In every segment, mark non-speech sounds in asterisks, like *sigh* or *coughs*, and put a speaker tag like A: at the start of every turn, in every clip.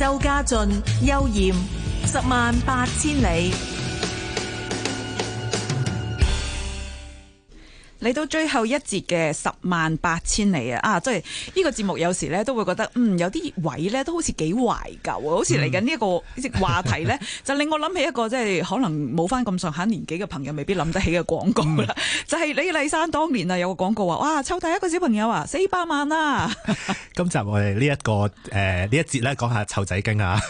A: 周家俊、邱艷，十萬八千里。嚟到最後一節嘅十萬八千里啊！啊，即係呢個節目有時咧都會覺得，嗯，有啲位咧都好似幾懷舊啊！好似嚟緊呢個呢隻話題咧，嗯、 *laughs* 就令我諗起一個即係可能冇翻咁上下年紀嘅朋友未必諗得起嘅廣告啦。嗯、就係李麗珊當年啊，有個廣告話：哇，湊第一個小朋友啊，四百萬啦、
B: 啊！ *laughs* 今集我哋呢一個誒呢、呃、一節咧講下湊仔經啊。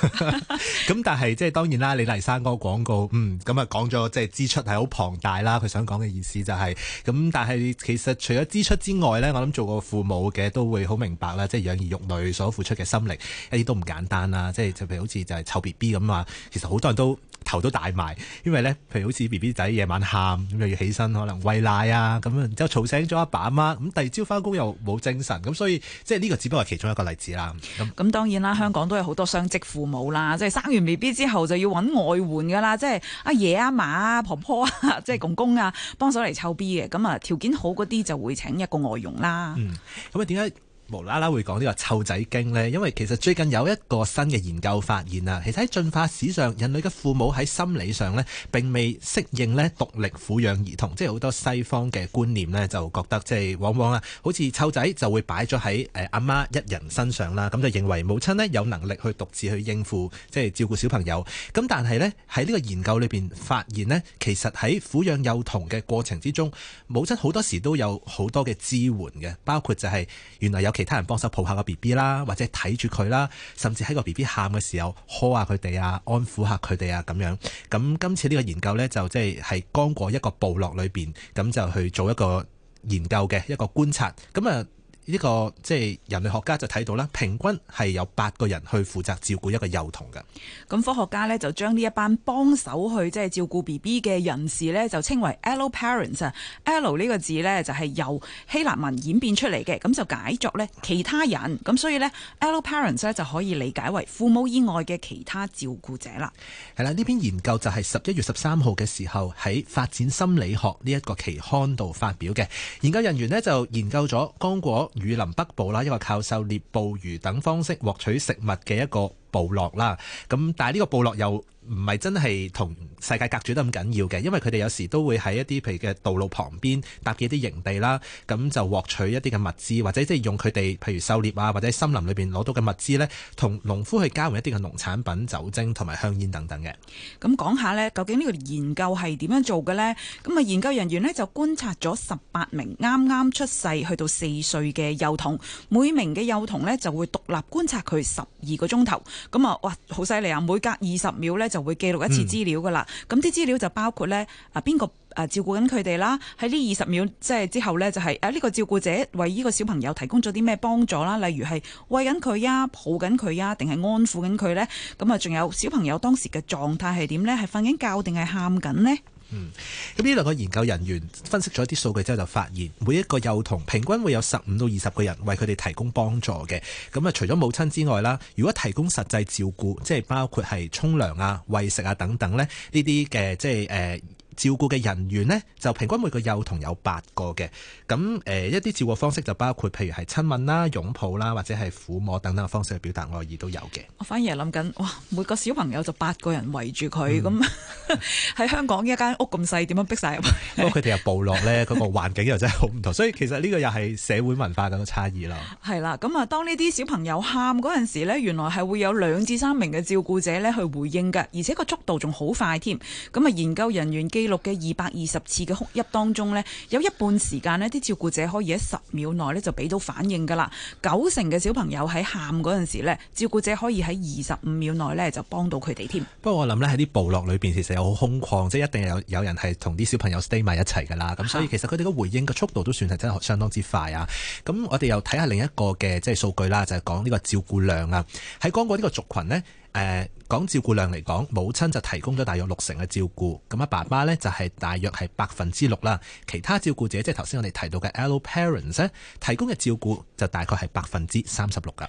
B: 咁 *laughs* *laughs* 但係即係當然啦，李麗珊嗰個廣告，嗯，咁啊講咗即係支出係好龐大啦。佢想講嘅意思就係、是、咁，但係其實除咗支出之外咧，我諗做過父母嘅都會好明白啦，即係養兒育女所付出嘅心力一啲都唔簡單啦。即係就譬如好似就係湊 B B 咁啊，其實好多人都頭都大埋，因為咧，譬如好似 B B 仔夜晚喊咁又要起身可能餵奶啊，咁啊，然之後嘈醒咗阿爸阿媽，咁第二朝翻工又冇精神，咁所以即係呢個只不過係其中一個例子啦。咁咁當然啦，嗯、香港
A: 都有好多雙職父母啦，即係生完 B B 之後就要揾外援噶啦，即係阿爺阿、啊、嫲啊、婆婆啊、即係公公啊、嗯、幫手嚟湊 B 嘅，咁啊。條件好嗰啲就會請一個外
B: 傭啦。嗯，咁啊點解？無啦啦會講呢個湊仔經呢，因為其實最近有一個新嘅研究發現啊，其實喺進化史上，人類嘅父母喺心理上呢，並未適應呢獨立撫養兒童，即係好多西方嘅觀念呢，就覺得即係往往啊，好似湊仔就會擺咗喺誒阿媽一人身上啦，咁就認為母親呢有能力去獨自去應付即係照顧小朋友。咁但係呢，喺呢個研究裏面發現呢，其實喺撫養幼童嘅過程之中，母親好多時都有好多嘅支援嘅，包括就係原來有。其他人幫手抱下個 B B 啦，或者睇住佢啦，甚至喺個 B B 喊嘅時候呵下佢哋啊，安撫下佢哋啊，咁樣。咁今次呢個研究呢，就即係係剛過一個部落裏邊，咁就去做一個研究嘅一個觀察。咁啊～呢個即係人類學家就睇到啦，平均係有八個人去負責照顧一個幼童嘅。
A: 咁科學家呢，就將呢一班幫手去即係照顧 B B 嘅人士呢，就稱為 Alloparents 啊。allo 呢個字呢，就係由希臘文演變出嚟嘅，咁就解作呢其他人。咁所以咧 Alloparents 咧就可以理解
B: 為父母以外嘅其他照顧者啦。係啦，呢篇研究就係十一月十三號嘅時候喺發展心理學呢一個期刊度發表嘅。研究人員呢，就研究咗剛果。雨林北部啦，一個靠狩獵、捕魚等方式獲取食物嘅一個部落啦。咁但係呢個部落又唔係真係同世界隔絕得咁緊要嘅，因為佢哋有時都會喺一啲譬如嘅道路旁邊搭建一啲營地啦，咁就獲取一啲嘅物資，或者即係用佢哋譬如狩獵啊，或者森林裏邊攞到嘅物資咧，同農夫去交換一啲嘅農產品、酒精同埋香煙等等嘅。
A: 咁講下咧，究竟呢個研究係點樣做嘅咧？咁啊，研究人員咧就觀察咗十八名啱啱出世去到四歲嘅幼童，每名嘅幼童咧就會獨立觀察佢十二個鐘頭，咁啊，哇，好犀利啊！每隔二十秒咧就會記錄一次資料噶啦，咁啲資料就包括呢啊邊個啊照顧緊佢哋啦，喺呢二十秒即係之後呢，就係啊呢個照顧者為呢個小朋友提供咗啲咩幫助啦，例如係餵緊佢呀、抱緊佢呀、定係安撫緊佢呢？咁啊，仲有小朋友當時嘅狀態係點呢？係瞓緊覺定係喊緊呢？
B: 嗯，咁呢兩個研究人員分析咗啲數據之後就發現，每一個幼童平均會有十五到二十個人為佢哋提供幫助嘅。咁啊，除咗母親之外啦，如果提供實際照顧，即係包括係沖涼啊、餵食啊等等咧，呢啲嘅即係誒。呃照顧嘅人員呢，就平均每個幼童有八個嘅。咁誒、呃，一啲照顧方式就包括，譬如係親吻啦、擁抱啦，或者係撫摸等等嘅方式去表達愛意都有嘅。
A: 我反而係諗緊，哇！每個小朋友就八個人圍住佢，咁喺、嗯、 *laughs* 香港一間屋咁細，點樣逼晒入去？不
B: 過佢哋又部落呢，佢個環境又真係好唔同， *laughs* 所以其實呢個又係社會文化嘅差異咯。
A: 係啦，咁啊，當呢啲小朋友喊嗰陣時咧，原來係會有兩至三名嘅照顧者呢去回應㗎，而且個速度仲好快添。咁啊，研究人員記。六嘅二百二十次嘅哭泣當中呢，有一半時間呢啲照顧者可以喺十秒內呢就俾到反應噶啦。九成嘅小朋友喺喊嗰陣時呢，照顧者可以喺二十五秒內呢就幫到佢哋添。
B: 不過我諗呢喺啲部落裏邊其實有好空曠，即係一定有有人係同啲小朋友 stay 埋一齊噶啦。咁所以其實佢哋嘅回應嘅速度都算係真係相當之快啊。咁我哋又睇下另一個嘅即係數據啦，就係講呢個照顧量啊。喺剛果呢個族群呢。誒、呃。講照顧量嚟講，母親就提供咗大約六成嘅照顧，咁啊爸爸呢，就係大約係百分之六啦，其他照顧者即係頭先我哋提到嘅 Alloparents 咧，提供嘅照顧就大概係百分之三十六噶。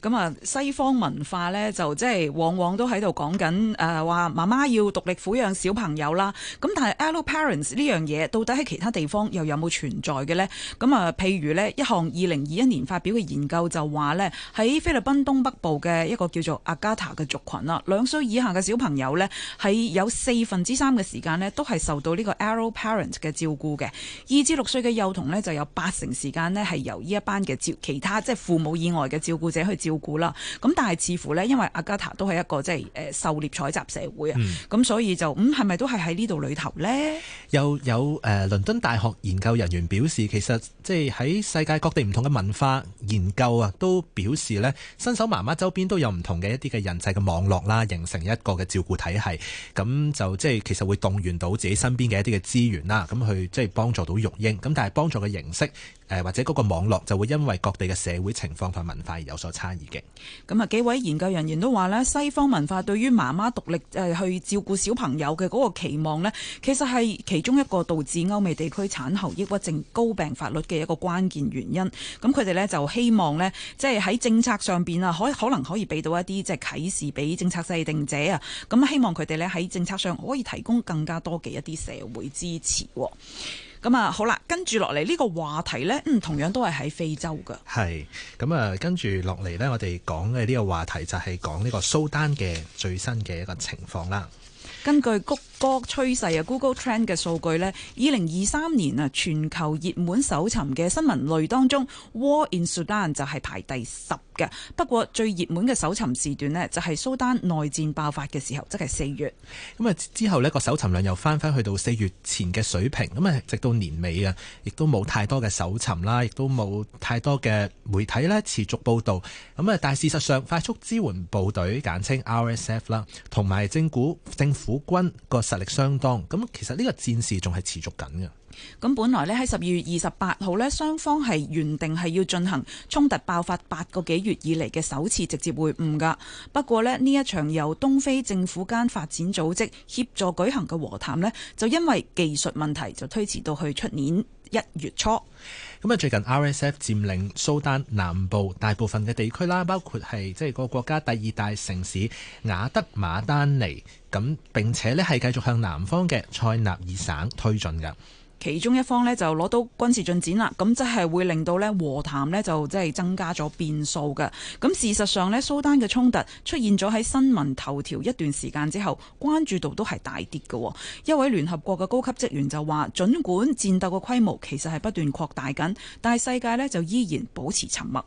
B: 咁啊，西方文
A: 化咧就即係往往都喺度講緊誒，話媽媽要獨立撫養小朋友啦。咁但係 Alloparents 呢樣嘢，到底喺其他地方又有冇存在嘅呢？咁啊，譬如呢，一項二零二一年發表嘅研究就話呢，喺菲律賓東北部嘅一個叫做阿加塔嘅族群啦，兩歲以下嘅小朋友呢，係有四分之三嘅時間呢都係受到呢個 Alloparents 嘅照顧嘅。二至六歲嘅幼童呢，就有八成時間呢係由呢一班嘅照其他即係父母以外嘅照顧者去照顧啦，咁但係似乎呢，因為阿加塔都係一個即係狩獵採集社會啊，咁、嗯、所以就咁係咪都係喺呢度
B: 裏頭呢？又有誒倫敦大學研究人員表示，其實即係喺世界各地唔同嘅文化研究啊，都表示呢，新手媽媽周邊都有唔同嘅一啲嘅人際嘅網絡啦，形成一個嘅照顧體系，咁就即係其實會動員到自己身邊嘅一啲嘅資源啦，咁去即係幫助到育嬰，咁但係幫助嘅形式誒或者嗰個網絡就會因為各地嘅社會情況同文化而有所差異嘅咁啊！幾位研究
A: 人員都話咧，西方文化對於媽媽獨力去照顧小朋友嘅嗰個期望呢，其實係其中一個導致歐美地區產後抑鬱症高病發率嘅一個關鍵原因。咁佢哋呢，就希望呢，即係喺政策上面啊，可可能可以俾到一啲即係啟示俾政策制定者啊。咁希望佢哋呢，喺政策上可以提供更加多嘅一啲社會支持。咁啊，好啦，跟住落嚟呢個話題呢，嗯，同
B: 樣都係喺非洲噶。係，咁啊，嗯，跟住落嚟呢，我哋講嘅呢個話題就係講呢個蘇丹嘅最新嘅一個情況啦。
A: 根據谷個趨勢啊，Google Trend 嘅數據呢，二零二三年啊，全球熱門搜尋嘅新聞類當中，War in Sudan 就係排第十嘅。不過最熱門嘅搜尋時段呢，就係蘇丹內戰爆發嘅時候，即係四月。
B: 咁啊之後呢個搜尋量又返返去到四月前嘅水平。咁啊，直到年尾啊，亦都冇太多嘅搜尋啦，亦都冇太多嘅媒體呢持續報導。咁啊，但係事實上快速支援部隊簡稱 RSF 啦，同埋政府政府軍個，實力相當，咁其實呢個戰事仲係持續緊嘅。
A: 咁本來咧喺十二月二十八號呢，雙方係原定係要進行衝突爆發八個幾月以嚟嘅首次直接會晤噶。不過呢，呢一場由東非政府間發展組織協助舉行嘅和談呢，
B: 就因為技術問題就推遲到去出年一月初。咁啊，最近 RSF 佔領蘇丹南部大部分嘅地區啦，包括係即係個國家第二大城市雅德馬丹尼咁，並且呢，係繼續向南方嘅塞納爾省推進噶。其中一方呢，就攞到軍事進展啦，咁即係會
A: 令到呢和談呢，就即係增加咗變數嘅。咁事實上呢，蘇丹嘅衝突出現咗喺新聞頭條一段時間之後，關注度都係大跌喎。一位聯合國嘅高級職員就話，儘管戰鬥嘅規模其實係不斷擴大緊，但係世
B: 界呢，就依然保持沉默。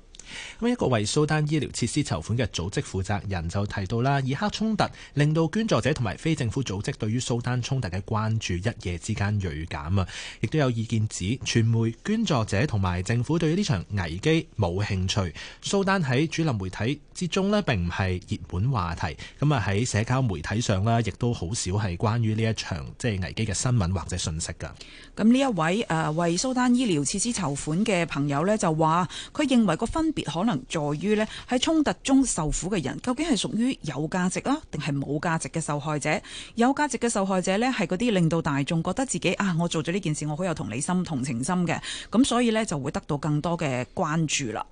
B: 咁一個為蘇丹醫療設施籌款嘅組織負責人就提到啦，以哈衝突令到捐助者同埋非政府組織對於蘇丹衝突嘅關注一夜之間鋭減啊！亦都有意見指，傳媒、捐助者同埋政府對於呢場危機冇興趣。蘇丹喺主流媒體之中咧，並唔係熱門話題。咁啊喺社交媒體上咧，亦都好少係關於呢一場即係危機嘅新聞或者信息㗎。咁
A: 呢一位誒為蘇丹醫
B: 療設施籌款嘅朋
A: 友咧，就話佢認為個分別可能在於咧，喺衝突中受苦嘅人，究竟係屬於有價值啦，定係冇價值嘅受害者？有價值嘅受害者呢，係嗰啲令到大眾覺得自己啊，我做咗呢件事，我好有同理心、同情心嘅，咁所以呢，就會得到
B: 更多嘅關注啦。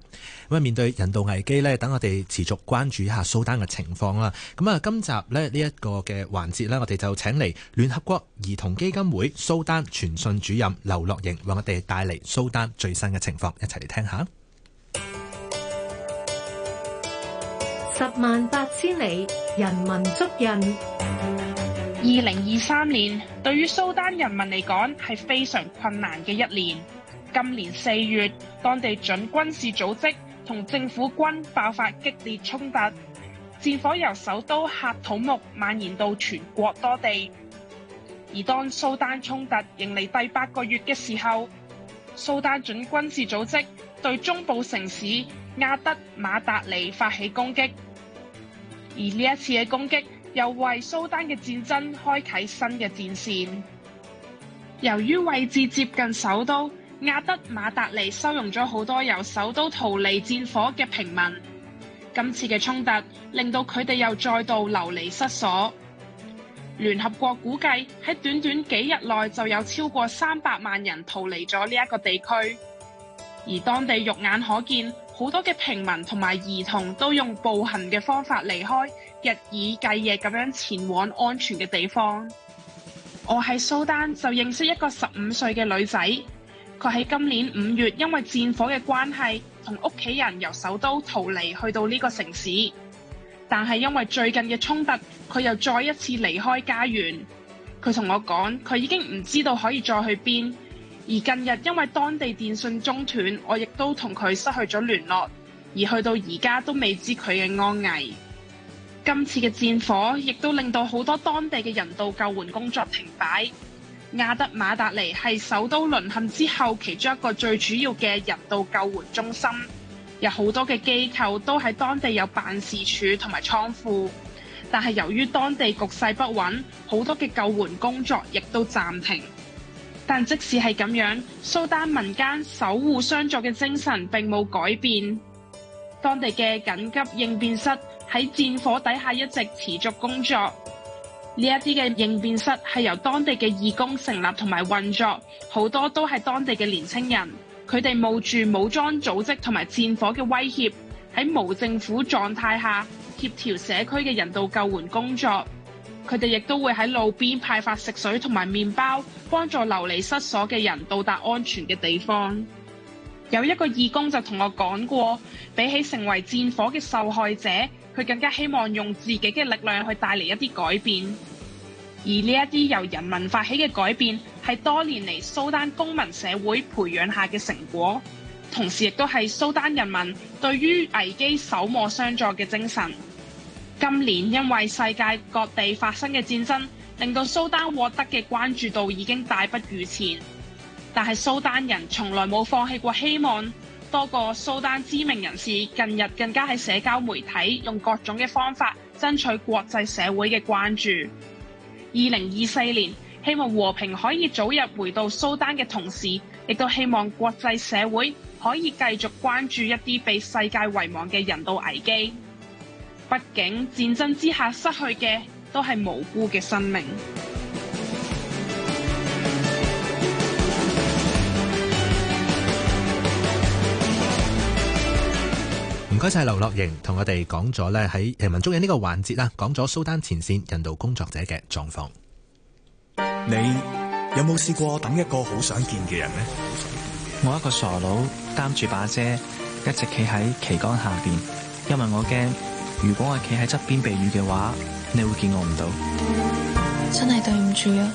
B: 咁啊，面對人道危機呢，等我哋持續關注一下蘇丹嘅情況啦。咁啊，今集呢，呢一個嘅環節呢，我哋就請嚟聯合國兒童基金會蘇丹傳訊主任劉樂瑩，為我哋帶嚟蘇丹最新嘅情況，一齊嚟聽下。十萬
C: 八千里，人民足印。二零二三年對於蘇丹人民嚟講係非常困難嘅一年。今年四月，當地準軍事組織同政府軍爆發激烈衝突，戰火由首都喀土木蔓延到全國多地。而當蘇丹衝突迎嚟第八個月嘅時候，蘇丹準軍事組織對中部城市亞德馬達尼發起攻擊。而呢一次嘅攻擊又為蘇丹嘅戰爭開啟新嘅戰線。由於位置接近首都亞德馬達尼，收容咗好多由首都逃離戰火嘅平民。今次嘅衝突令到佢哋又再度流離失所。聯合國估計喺短短幾日內就有超過三百萬人逃離咗呢一個地區。而當地肉眼可見。好多嘅平民同埋兒童都用步行嘅方法離開，日以繼夜咁樣前往安全嘅地方。我喺蘇丹就認識一個十五歲嘅女仔，佢喺今年五月因為戰火嘅關係，同屋企人由首都逃離去到呢個城市，但係因為最近嘅衝突，佢又再一次離開家園。佢同我講，佢已經唔知道可以再去邊。而近日因為當地電信中斷，我亦都同佢失去咗聯絡，而去到而家都未知佢嘅安危。今次嘅戰火亦都令到好多當地嘅人道救援工作停擺。亞德馬達尼係首都淪陷之後，其中一個最主要嘅人道救援中心，有好多嘅機構都喺當地有辦事處同埋倉庫，但係由於當地局勢不穩，好多嘅救援工作亦都暫停。但即使係咁樣，蘇丹民間守護相助嘅精神並冇改變。當地嘅緊急應變室喺戰火底下一直持續工作。呢一啲嘅應變室係由當地嘅義工成立同埋運作，好多都係當地嘅年青人。佢哋冒住武裝組織同埋戰火嘅威脅，喺無政府狀態下協調社區嘅人道救援工作。佢哋亦都會喺路邊派發食水同埋麵包，幫助流離失所嘅人到達安全嘅地方。有一個義工就同我講過，比起成為戰火嘅受害者，佢更加希望用自己嘅力量去帶嚟一啲改變。而呢一啲由人民發起嘅改變，係多年嚟蘇丹公民社會培養下嘅成果，同時亦都係蘇丹人民對於危機守望相助嘅精神。今年因為世界各地發生嘅戰爭，令到蘇丹獲得嘅關注度已經大不如前。但係蘇丹人從來冇放棄過希望，多個蘇丹知名人士近日更加喺社交媒體用各種嘅方法爭取國際社會嘅關注。二零二四年，希望和平可以早日回到蘇丹嘅同時，亦都希望國際社會可以繼續關注一啲被世界遺忘嘅人道危機。畢竟戰爭之下失去嘅都係無辜嘅生命。
B: 唔該晒，劉樂瑩同我哋講咗咧，喺人文足印呢個環節啦，講咗蘇丹前線人道工作者嘅狀況。你有冇試過等一個好想見嘅人呢？我一個傻佬擔住把遮，一直企喺旗杆下邊，因為我驚。如果我企喺側邊避雨嘅話，你會見我唔到。
C: 真係對唔住啊！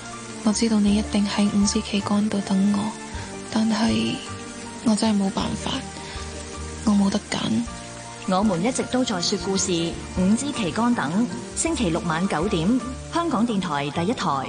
C: 我知道你一定喺五支旗杆度等我，但係我真係冇辦法，我冇得揀。我們一直都在說故事，五支旗杆等，星期六晚九點，香港電台第一台。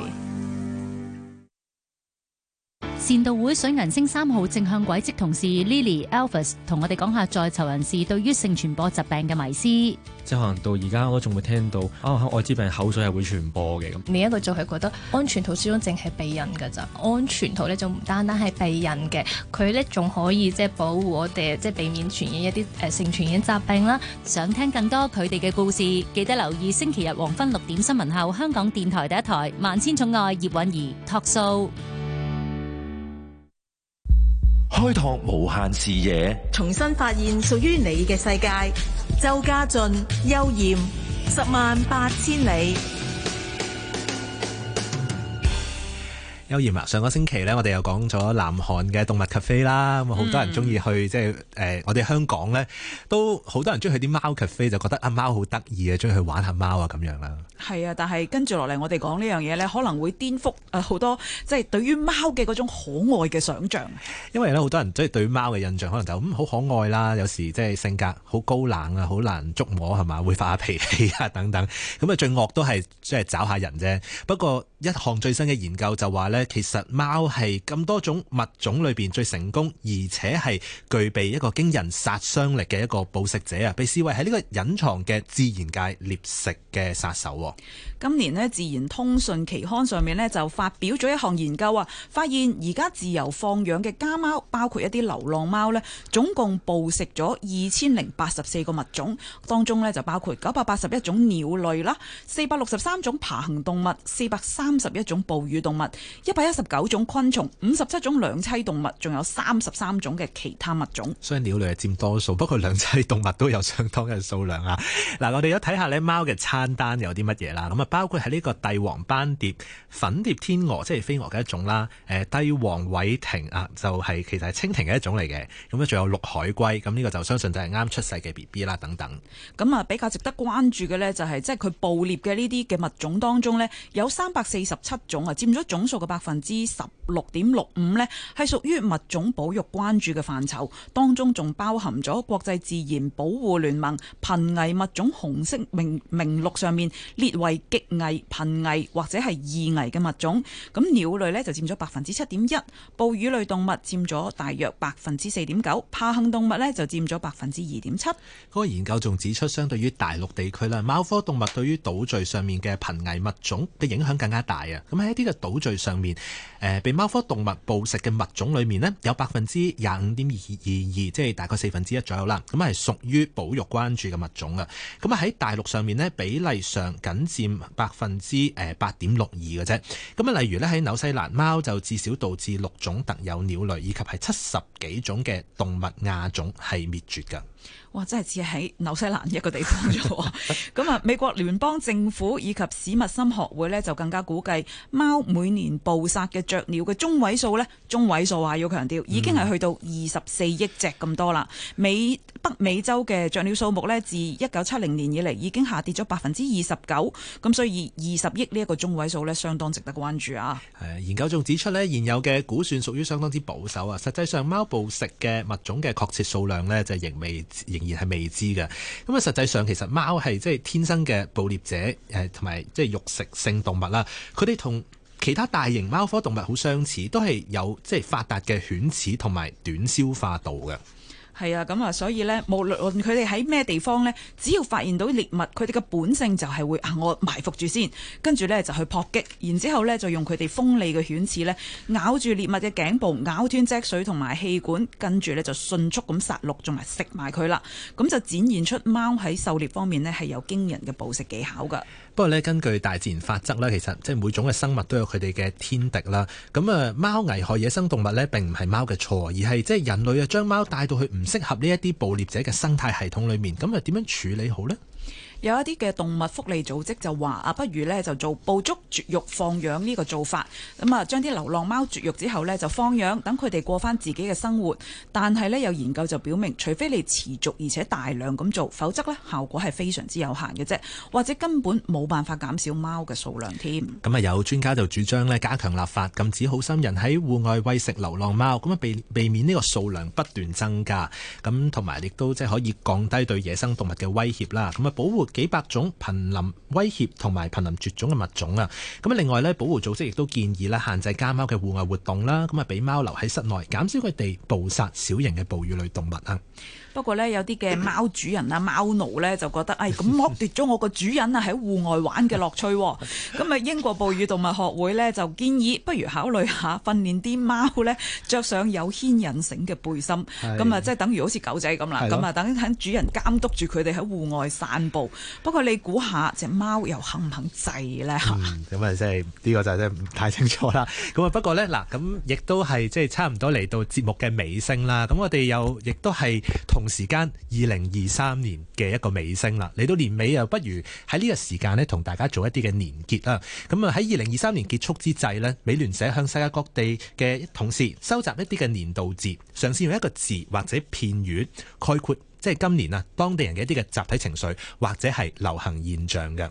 C: 善道會水銀星三號正向軌跡同事 Lily Alvis 同我哋講下在囚人士對於性傳播疾病嘅迷思，
B: 即係可能到而家我仲會聽到啊，愛滋病口水係會傳播嘅咁。
C: 另一個就係覺得安全套始終淨係避孕㗎咋。安全套咧就唔單單係避孕嘅，佢咧仲可以即係保護我哋，即係避免傳染一啲、呃、性傳染疾病啦。想聽更多佢哋嘅故事，記得留意星期日黃昏六點新聞後，香港電台第一台《萬千寵愛》葉儀，葉韻儀 Talk Show。
B: 開拓無限視野，
A: 重新發現屬於你嘅世界。周家俊、邱艷，
C: 十萬八千里。
B: 優賢啊！上個星期咧，我哋又講咗南韓嘅動物咖啡啦，咁好多人中意去，嗯、即係誒、呃、我哋香港咧都好多人中意去啲貓咖啡，就覺得阿貓好得意啊，中意去玩下貓啊咁樣啦。
A: 係啊，但係跟住落嚟，我哋講呢樣嘢咧，可能會顛覆啊好、呃、多，即係對於貓嘅嗰種可愛嘅想像。
B: 因為咧，好多人即係對貓嘅印象，可能就咁好、嗯、可愛啦。有時即係性格好高冷啊，好難捉摸係嘛，會發下脾氣啊等等。咁啊最惡都係即係找下人啫。不過，一項最新嘅研究就話咧。其實貓係咁多種物種裏邊最成功，而且係具備一個，驚人殺傷力嘅一個捕食者啊！被視為喺呢個隱藏嘅自然界獵食嘅殺手。
A: 今年呢，《自然通訊》期刊上面呢，就發表咗一項研究啊，發現而家自由放養嘅家貓，包括一啲流浪貓呢，總共捕食咗二千零八十四個物種，當中呢，就包括九百八十一種鳥類啦，四百六十三種爬行動物，四百三十一種哺乳動物。一百一十九種昆蟲，五十七種兩棲動物，仲有三十三種嘅其他物種。
B: 所以鳥類係佔多數，不過兩棲動物都有相當嘅數量啊。嗱， *laughs* 我哋都睇下咧貓嘅餐單有啲乜嘢啦。咁啊，包括喺呢個帝王斑蝶、粉蝶、天鵝，即係飛蛾嘅一種啦。誒，帝王偉蜓啊，就係其實係蜻蜓嘅一種嚟嘅。咁咧，仲有綠海龜。咁、這、呢個就相信就係啱出世嘅 B B 啦。等等。咁啊，比較值得關注嘅咧、
A: 就是，就係即係佢捕獵嘅呢啲嘅物種當中咧，有三百四十七種啊，佔咗總數嘅百。百分之十六點六五呢係屬於物種保育關注嘅範疇，當中仲包含咗國際自然保護聯盟瀕危物種紅色名名錄上面列為極危、瀕危或者係易危嘅物種。咁鳥類呢就佔咗百分之七點一，哺乳類動物佔咗大約百分之四點九，爬
B: 行動物呢就佔咗百分之二點七。嗰個研究仲指出，相對於大陸地區啦，貓科動物對於島嶼上面嘅瀕危物種嘅影響更加大啊！咁喺一啲嘅島嶼上面。誒，被貓科動物捕食嘅物種裏面咧，有百分之廿五點二二二，即係大概四分之一左右啦。咁係屬於保育關注嘅物種噶。咁啊喺大陸上面咧，比例上僅佔百分之誒八點六二嘅啫。咁啊，例如咧喺紐西蘭貓就至少導致六種特有鳥類以及係七十幾種嘅動物亞種係滅絕噶。
A: 哇！真係只喺紐西蘭一個地方啫，咁啊， *laughs* 美國聯邦政府以及史密森學會咧，就更加估計貓每年捕殺嘅雀鳥嘅中位數咧，中位數啊，要強調已經係去到二十四億隻咁多啦。嗯、美北美洲嘅雀鳥、鳥數目咧，自一九七零年以嚟已經下跌咗百分之二十九。咁所以二十億呢一個中位數咧，相當值得關注啊。
B: 研究仲指出咧，現有嘅估算屬於相當之保守啊。實際上，貓捕食嘅物種嘅確切數量咧，就係仍未。仍然係未知嘅，咁啊實際上其實貓係即係天生嘅捕獵者，誒同埋即係肉食性動物啦。佢哋同其他大型貓科動物好相似，都係有即係發達嘅犬齒同埋短消化道嘅。
A: 係啊，咁啊，所以咧，無論佢哋喺咩地方咧，只要發現到獵物，佢哋嘅本性就係會啊，我埋伏住先，跟住咧就去撲擊，然之後咧就用佢哋鋒利嘅犬齒咧咬住獵物嘅頸部，咬斷脊髓同埋氣管，跟住咧就迅速咁殺戮，仲埋食埋佢啦，咁就展現出貓喺狩獵方面咧係有驚人嘅捕
B: 食技巧噶。不過咧，根據大自然法則咧，其實即係每種嘅生物都有佢哋嘅天敵啦。咁啊，貓危害野生動物咧，並唔係貓嘅錯，而係即係人類啊，將貓帶到去唔適合呢一啲捕獵者嘅生態系統裏面。咁又點樣處理好呢？有一啲嘅動
A: 物福利組織就話啊，不如呢就做捕捉絕育放養呢個做法，咁啊將啲流浪貓絕育之後呢，就放養，等佢哋過返自己嘅生活。但係呢，有研究就表明，除非你持續而且大量咁做，否則呢效果係非常之有限嘅啫，或者根本冇辦法減少貓嘅數量添。
B: 咁啊有專家就主張呢加強立法禁止好心人喺戶外餵食流浪貓，咁啊避避免呢個數量不斷增加，咁同埋亦都即係可以降低對野生動物嘅威脅啦。咁啊保護。幾百種瀕臨威脅同埋瀕臨絕種嘅物種啊！咁另外呢，保護組織亦都建議限制家貓嘅戶外活動啦，咁啊，俾貓留喺室內，減少佢哋捕殺小型嘅哺乳類動物啊。
A: 不過呢，有啲嘅貓主人啊，貓 *coughs* 奴呢，就覺得，哎，咁剝奪咗我個主人啊喺戶外玩嘅樂趣。咁啊，英國哺乳動物學會呢，就建議，不如考慮下訓練啲貓呢，着上有牽引繩嘅背心，咁啊是，即係等於好似狗仔咁啦。咁啊的，等等主人監督住佢哋喺戶外散步。不過你估下隻貓又肯唔肯制呢？
B: 咁 *laughs* 啊、嗯，即係呢個就真係唔太清楚啦。咁啊， *laughs* 不過呢，嗱，咁亦都係即係差唔多嚟到節目嘅尾聲啦。咁我哋又亦都係同時間二零二三年嘅一個尾聲啦，嚟到年尾又不如喺呢個時間呢，同大家做一啲嘅年結啦。咁啊喺二零二三年結束之際呢，美聯社向世界各地嘅同事收集一啲嘅年度字，嘗試用一個字或者片語概括，即係今年啊當地人嘅一啲嘅集體情緒或者係流行現象嘅。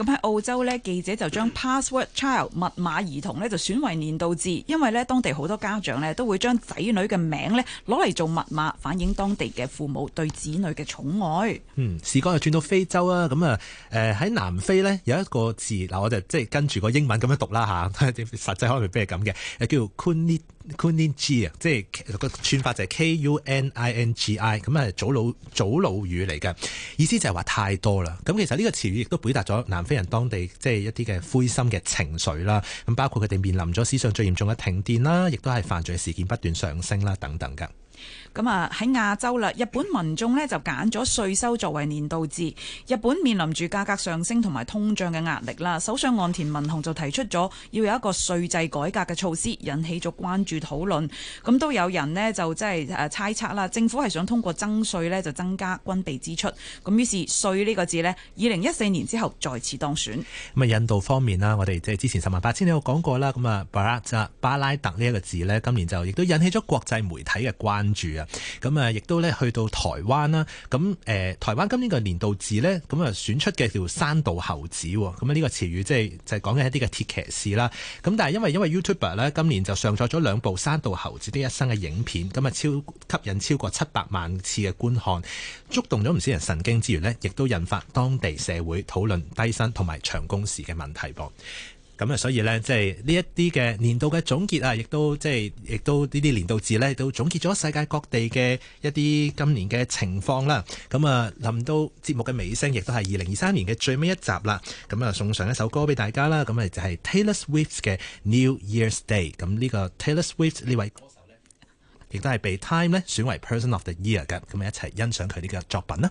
A: 咁喺澳洲咧，記者就將 password child 密碼兒童咧就選為年度字，因為咧當地好多家長咧都會將仔女嘅名咧攞嚟做密碼，反映當地嘅父母對子女嘅寵愛。
B: 嗯，時光又轉到非洲啊！咁啊，誒、呃、喺南非咧有一個字，嗱我就即係跟住個英文咁樣讀啦嚇、啊。實際可能未必係咁嘅，叫 k u n i n k n i g i 啊，即係個串法就係 KUNINGI，咁啊祖老祖老語嚟嘅，意思就係話太多啦。咁其實呢個詞語亦都表達咗南。.俾人當地即係一啲嘅灰心嘅情緒啦，咁包括佢哋面臨咗史上最嚴重嘅停電啦，亦都係犯罪事件不斷上升啦，等等㗎。
A: 咁啊喺亞洲啦，日本民眾呢就揀咗稅收作為年度字。日本面臨住價格上升同埋通脹嘅壓力啦。首相岸田文雄就提出咗要有一個稅制改革嘅措施，引起咗關注討論。咁都有人呢就即係誒猜測啦，政府係想通過增稅呢就增加軍備支出。咁於是稅呢個字呢，二零一四年
B: 之後再次當選。咁啊，印度方面啦，我哋即係之前十萬八千你有講過啦。咁啊，巴拉扎巴拉特呢一個字呢，今年就亦都引起咗國際媒體嘅關注。咁亦都咧去到台灣啦。咁誒，台灣今年個年度字呢，咁啊選出嘅叫做「山道猴子」。咁啊，呢、這個詞語即係就係講緊一啲嘅鐵騎士啦。咁但係因為因為 YouTuber 咧今年就上載咗兩部《山道猴子的一生》嘅影片，咁啊超吸引超過七百萬次嘅觀看，觸動咗唔少人神經之餘，呢亦都引發當地社會討論低薪同埋長工時嘅問題噃。咁啊，所以咧，即係呢一啲嘅年度嘅總結啊，亦都即係，亦都呢啲年度字咧，都總結咗世界各地嘅一啲今年嘅情況啦。咁啊，臨到節目嘅尾聲，亦都係二零二三年嘅最尾一集啦。咁啊，送上一首歌俾大家啦。咁啊，就係 Taylor Swift 嘅 New Year's Day。咁呢個 Taylor Swift 呢位歌手咧，亦都係被 Time 咧選為 Person of the Year 嘅。咁啊，一齊欣賞佢呢個作品啦。